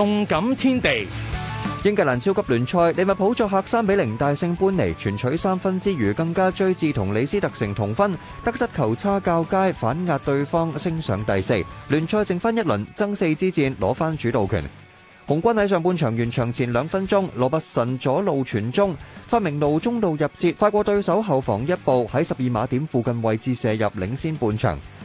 動感天地，英格蘭超級聯賽利物浦作客三比零大勝般尼，全取三分之餘，更加追至同李斯特城同分，得失球差較佳，反壓對方升上第四。聯賽剩翻一輪，爭四之戰攞翻主導權。紅軍喺上半場完場前兩分鐘，羅伯遜左路傳中，發明路中路入切，快過對手後防一步，喺十二碼點附近位置射入，領先半場。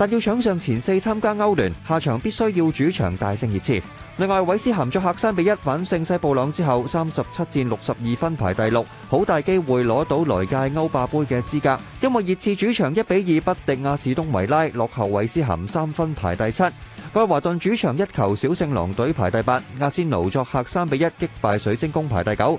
但要搶上前四參加歐聯，下場必須要主場大勝熱刺。另外，韋斯咸作客三比一反勝西布朗之後，三十七戰六十二分排第六，好大機會攞到來屆歐霸杯嘅資格。因為熱刺主場一比二不敵阿士東維拉，落後韋斯咸三分排第七。愛華頓主場一球小勝狼隊排第八，阿仙奴作客三比一擊敗水晶宮排第九。